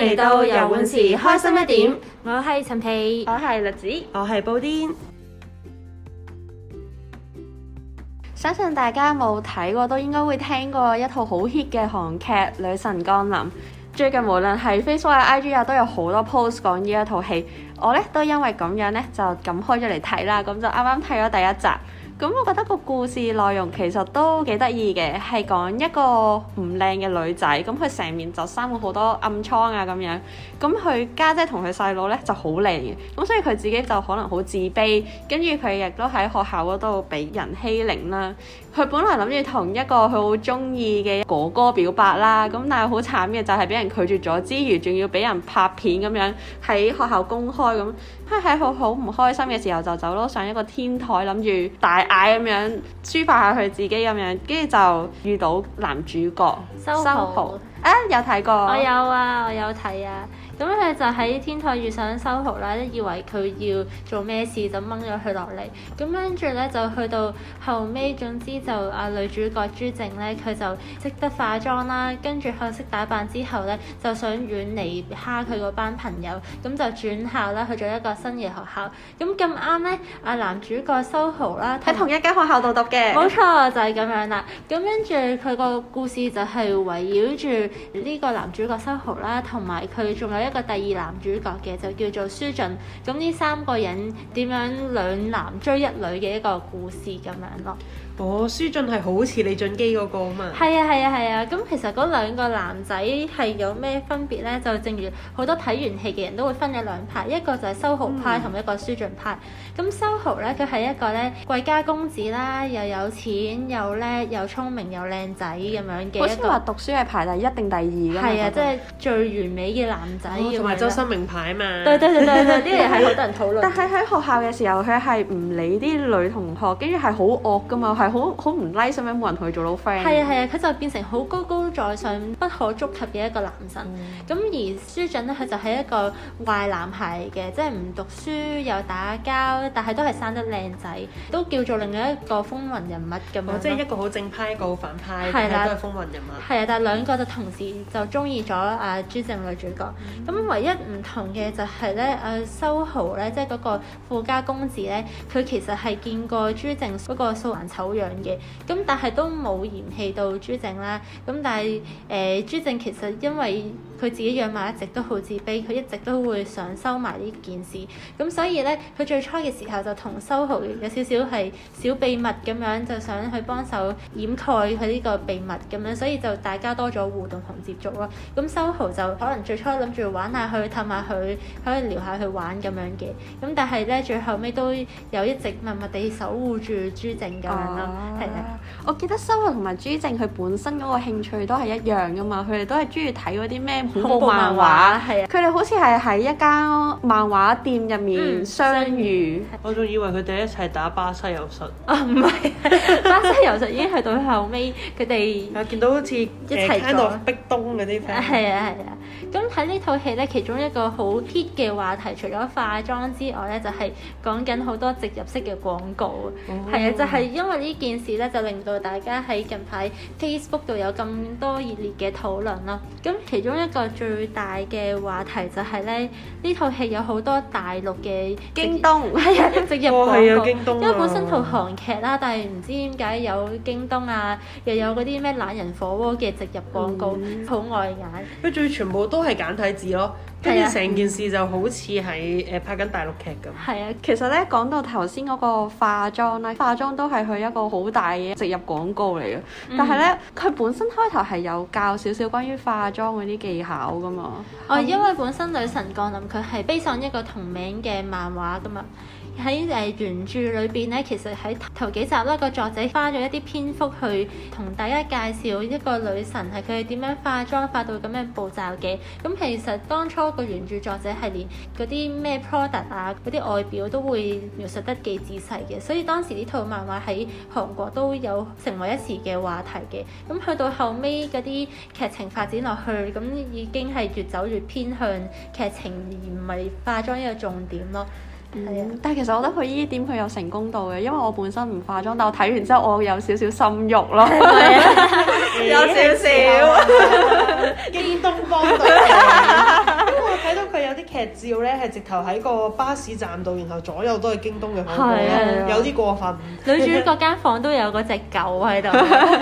嚟到游泳時，開心一點，點。我係陳皮，我係栗子，我係布丁。相信大家冇睇過都應該會聽過一套好 hit 嘅韓劇《女神降臨》。最近無論係 Facebook 又、啊、IG 又、啊、都有好多 post 講呢一套戲，我咧都因為咁樣咧就咁開咗嚟睇啦。咁就啱啱睇咗第一集。咁我覺得個故事內容其實都幾得意嘅，係講一個唔靚嘅女仔，咁佢成面就生咗好多暗瘡啊咁樣，咁佢家姐同佢細佬咧就好靚嘅，咁所以佢自己就可能好自卑，跟住佢亦都喺學校嗰度俾人欺凌啦。佢本來諗住同一個佢好中意嘅哥哥表白啦，咁但係好慘嘅就係俾人拒絕咗之餘，仲要俾人拍片咁樣喺學校公開咁。佢喺好好唔開心嘅時候就走咯，上一個天台諗住大嗌咁樣抒發下佢自己咁樣，跟住就遇到男主角修浩婆。修啊有睇過，我有啊，我有睇啊。咁佢就喺天台遇上修豪啦，都以為佢要做咩事，就掹咗佢落嚟。咁跟住呢，就去到後尾，總之就啊女主角朱靜呢，佢就識得化妝啦，跟住學識打扮之後呢，就想遠離蝦佢嗰班朋友，咁就轉校啦，去咗一個新嘅學校。咁咁啱呢，啊男主角修豪啦，喺同一間學校度讀嘅。冇錯，就係咁樣啦。咁跟住佢個故事就係圍繞住。呢個男主角修豪啦，同埋佢仲有一個第二男主角嘅，就叫做舒俊。咁呢三個人點樣兩男追一女嘅一個故事咁樣咯？哦，舒俊係好似李準基嗰個啊嘛。係啊係啊係啊！咁、啊啊啊、其實嗰兩個男仔係有咩分別呢？就正如好多睇完戲嘅人都會分咗兩派，一個就係修豪派，同、嗯、一個舒俊派。咁修豪呢，佢係一個呢貴家公子啦，又有錢又叻又聰明又靚仔咁樣嘅。好似話讀書係排第一。第二嘅，係啊，吧即係最完美嘅男仔，同埋周身名牌嘛，對對對對對，呢啲係好多人討論。 但係喺學校嘅時候，佢係唔理啲女同學，跟住係好惡噶嘛，係好好唔 nice，所以冇人同佢做到 friend。係啊係啊，佢、啊、就變成好高高在上、不可觸及嘅一個男神。咁、嗯、而書俊呢，佢就係一個壞男孩嘅，即係唔讀書又打交，但係都係生得靚仔，都叫做另一個風雲人物咁。即係一個好正派，一個好反派，啊、係都係風雲人物。係啊,啊，但係兩個就同。就中意咗阿朱正女主角，咁唯一唔同嘅就係咧，阿、啊、修豪咧，即係嗰個富家公子咧，佢其實係見過朱正嗰個素顏醜樣嘅，咁但係都冇嫌棄到朱正啦，咁但係誒、呃、朱正其實因為。佢自己樣貌一直都好自卑，佢一直都會想收埋呢件事，咁所以呢，佢最初嘅時候就同修豪有少少係小秘密咁樣，就想去幫手掩蓋佢呢個秘密咁樣，所以就大家多咗互動同接觸咯。咁修豪就可能最初諗住玩下佢，氹下佢，可以聊下佢玩咁樣嘅，咁但係呢，最後尾都有一直默默地守護住朱靜咁樣咯。啊嗯，係呀，我記得修豪同埋朱靜佢本身嗰個興趣都係一樣噶嘛，佢哋都係中意睇嗰啲咩？看漫畫係啊！佢哋畫的好似係喺一間漫畫店入面相遇。我仲以為佢哋一齊打巴西柔術啊，唔係巴西柔術已經去到後尾佢哋。我見到好似一齊喺度壁咚嗰啲。係啊係啊！咁喺呢套戲咧，其中一個好 hit 嘅話題除咗化妝之外咧，就係講緊好多植入式嘅廣告。係啊、嗯，就係、是、因為呢件事咧，就令到大家喺近排 Facebook 度有咁多熱烈嘅討論啦。咁其中一個、嗯。最大嘅話題就係咧，呢套戲有好多大陸嘅京東，係、 哦、啊，植入廣告。因為本身套韓劇啦，但係唔知點解有京東啊，又有嗰啲咩懶人火鍋嘅植入廣告，好礙眼。佢仲全部都係簡體字咯。跟住成件事就好似喺誒拍緊大陸劇咁。係啊，嗯、其實咧，講到頭先嗰個化妝啦，化妝都係佢一個好大嘅植入廣告嚟嘅。但係咧，佢、嗯、本身開頭係有教少少關於化妝嗰啲技巧噶嘛。哦，嗯、因為本身女神降臨佢係 based on 一個同名嘅漫畫噶嘛。喺誒原著裏邊咧，其實喺頭幾集啦，個作者花咗一啲篇幅去同大家介紹一個女神係佢哋點樣化妝化到咁嘅步驟嘅。咁其實當初個原著作者係連嗰啲咩 product 啊，嗰啲外表都會描述得幾仔細嘅，所以當時呢套漫畫喺韓國都有成為一時嘅話題嘅。咁去到後尾嗰啲劇情發展落去，咁已經係越走越偏向劇情而唔係化妝一個重點咯。.嗯， 但係其實我覺得佢依點佢有成功到嘅，因為我本身唔化妝，但我睇完之後我有少少心郁咯， 有少少，驚東方度。 日照咧係直頭喺個巴士站度，然後左右都係京東嘅恐怖，的有啲過分。女主角間房間都有嗰隻狗喺度。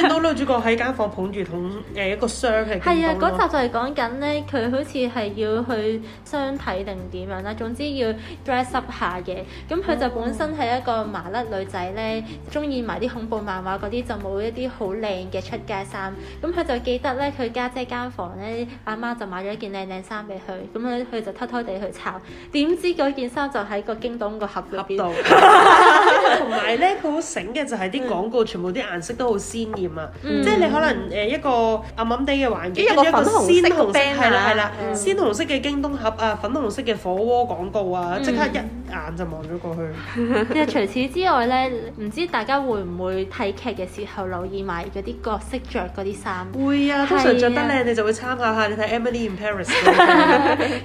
見到 女主角喺間房間捧住桶誒一個箱係。係啊，嗰集就係講緊咧，佢好似係要去相睇定點樣啦，總之要 dress up 下嘅。咁佢就本身係一個麻甩女仔咧，中意埋啲恐怖漫畫嗰啲，就冇一啲好靚嘅出街衫。咁佢就記得咧，佢家姐間房咧，阿媽就買咗一件靚靚衫俾佢。咁佢就偷偷地去抄，點知嗰件衫就喺個京東個盒入邊度。同埋咧，佢好醒嘅就係啲廣告全部啲顏色都好鮮豔啊！即係你可能誒一個暗暗啲嘅環境，一個粉紅色嘅紅色啦，係啦係啦，鮮紅色嘅京東盒啊，粉紅色嘅火鍋廣告啊，即刻一眼就望咗過去。除此之外咧，唔知大家會唔會睇劇嘅時候留意埋嗰啲角色着嗰啲衫？會啊，通常着得靚你就會參考下，你睇 Emily in Paris。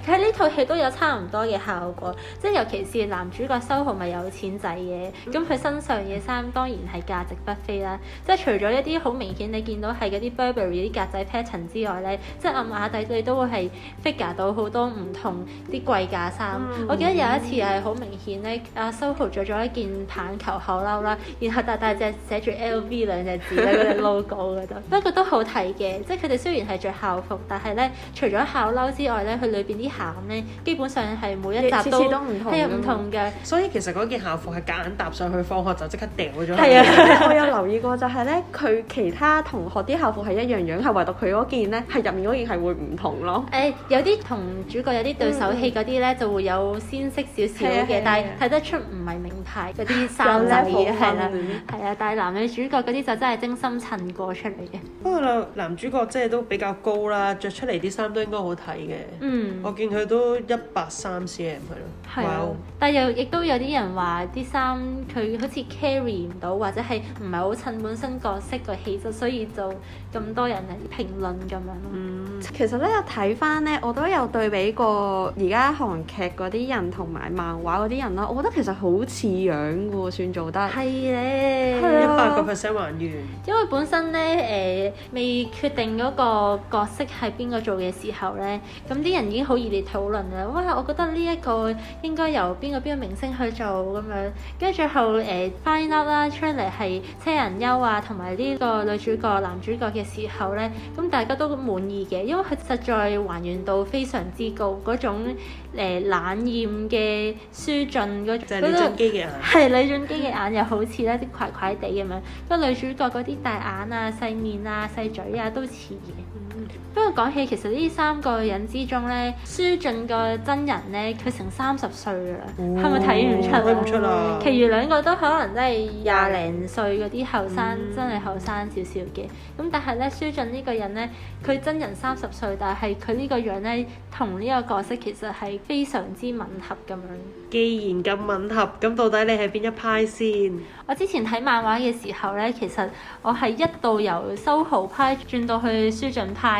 喺呢套戲，都有差唔多嘅效果，即係尤其是男主角 Soho 咪有錢仔嘅，咁佢身上嘅衫當然係價值不菲啦。即係除咗一啲好明顯你見到係嗰啲 Burberry 啲格仔 pattern 之外呢，即係暗下底你都會係 figure 到好多唔同啲貴價衫。嗯、我記得有一次係好明顯呢阿 Soho 著咗一件棒球校褸啦，然後大大隻寫住 LV 兩隻字嘅嗰、 那個、logo 嘅，不過都好睇嘅。即係佢哋雖然係着校服，但係呢除咗校褸之外呢，佢裏邊啲襯呢。基本上係每一集都都有唔同嘅，所以其實嗰件校服係夾硬搭上去，放學就即刻掉咗。係啊， 我有留意過就呢，就係咧，佢其他同學啲校服係一樣樣，係唯獨佢嗰件咧係入面嗰件係會唔同咯。誒、欸，有啲同主角有啲對手戲嗰啲咧，嗯、就會有鮮色少少嘅，啊啊、但係睇得出唔係名牌嗰啲衫仔，係、就、啦、是，係 啊，但係男女主角嗰啲就真係精心襯過出嚟嘅。不過男主角即係都比較高啦，着出嚟啲衫都應該好睇嘅。嗯，我見佢都。一百三 cm 係、wow. 咯，係但係又亦都有啲人話啲衫佢好似 carry 唔到，或者係唔係好襯本身角色個氣質，所以就咁多人嚟評論咁樣咯。嗯，其實咧，有睇翻咧，我都有對比過而家韓劇嗰啲人同埋漫畫嗰啲人啦。我覺得其實好似樣嘅算做得係咧，一百個 percent 還原。因為本身咧，誒、呃、未決定嗰個角色係邊個做嘅時候咧，咁啲人已經好熱烈討論。哇！我覺得呢一個應該由邊個邊個明星去做咁樣。跟住最後誒 final 啦，出嚟係車人優啊同埋呢個女主角男主角嘅時候呢，咁大家都滿意嘅，因為佢實在還原度非常之高，嗰種、呃、冷豔嘅舒俊嗰種就、那個嗯、李準基嘅眼，係李準基嘅眼又好似咧啲攋攋地咁樣，個女主角嗰啲大眼啊、細面啊、細嘴啊都似嘅。不過講起其實呢三個人之中呢，舒俊個真人呢，佢成三十歲啦，係咪睇唔出？睇唔出啦。其餘兩個都可能都、嗯、真係廿零歲嗰啲後生，真係後生少少嘅。咁但係呢，舒俊呢個人呢，佢真人三十歲，但係佢呢個樣呢，同呢個角色其實係非常之吻合咁樣。既然咁吻合，咁到底你係邊一派先？我之前睇漫畫嘅時候呢，其實我係一度由修豪派轉到去舒俊派。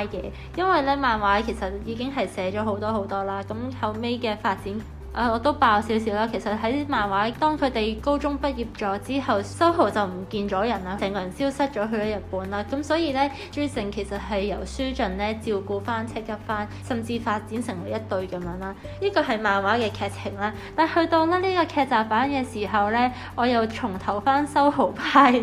因為咧漫畫其實已經係寫咗好多好多啦，咁後尾嘅發展啊、呃、我都爆少少啦。其實喺漫畫當佢哋高中畢業咗之後，修豪就唔見咗人啦，成個人消失咗去咗日本啦，咁所以咧朱靜其實係由書俊咧照顧翻、錫一翻，甚至發展成為一對咁樣啦。呢、這個係漫畫嘅劇情啦，但去到咧呢個劇集版嘅時候咧，我又重投翻修豪派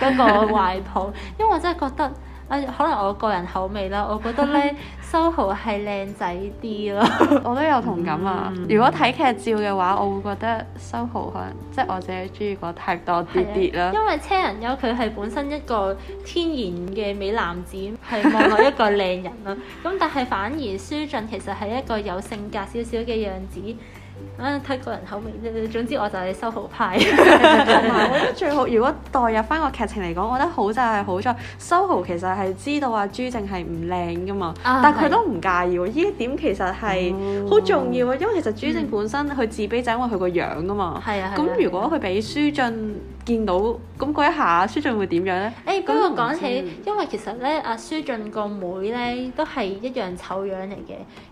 嗰個懷抱， 因為我真係覺得。可能我個人口味啦，我覺得咧秀浩係靚仔啲咯， 我都有同感啊。如果睇劇照嘅話，我會覺得秀浩、 so、可能即係我自己中意過太多啲啲啦。因為車銀優佢係本身一個天然嘅美男子，係望落一個靚人啦。咁 但係反而瑞俊其實係一個有性格少少嘅樣子。睇、啊、個人口味啫。總之我就係修豪派。同埋我覺得最好，如果代入翻個劇情嚟講，我覺得好就係好彩。修豪、啊、其實係知道阿朱靜係唔靚噶嘛，但係佢都唔介意喎。依一,一點其實係好重要啊，因為其實朱靜本身佢、嗯、自卑就因為佢個樣噶嘛。係啊，咁、啊、如果佢俾舒俊。見到咁嗰一下，舒進會點樣呢？誒、哎，咁我講起，因為其實咧，阿、啊、舒進個妹咧都係一樣醜樣嚟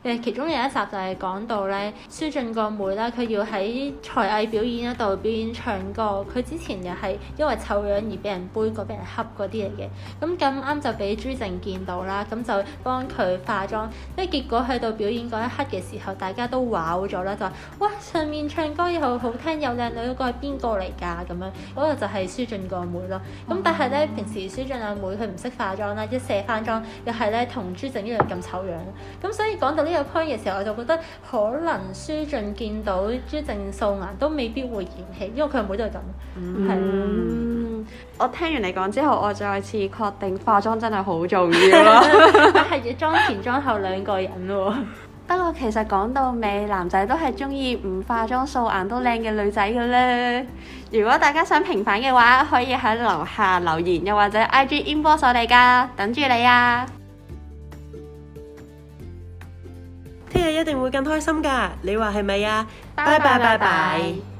嘅。誒，其中有一集就係講到咧，舒進個妹啦，佢要喺才藝表演嗰度表演唱歌。佢之前又係因為醜樣而俾人背過、俾人恰嗰啲嚟嘅。咁咁啱就俾朱靜見到啦，咁就幫佢化妝。即係結果去到表演嗰一刻嘅時候，大家都嘩咗啦，就話：哇，上面唱歌又好聽又靚女嗰個係邊個嚟㗎？咁樣。嗰個就係舒俊個妹咯，咁但係咧，平時舒俊阿妹佢唔識化妝啦，即卸翻妝又係咧同朱正一樣咁醜樣，咁所以講到呢個 point 嘅時候，我就覺得可能舒俊見到朱正素顏都未必會嫌棄，因為佢阿妹，妹都係咁，係啊、嗯。是我聽完你講之後，我再次確定化妝真係好重要咯， 但係要妝前妝後兩個人喎、哦。不過其實講到尾，男仔都係中意唔化妝素顏都靚嘅女仔噶啦。如果大家想平反嘅話，可以喺樓下留言，又或者 IG inbox 我哋噶，等住你啊！聽日一定會更開心噶，你話係咪啊？拜拜拜拜。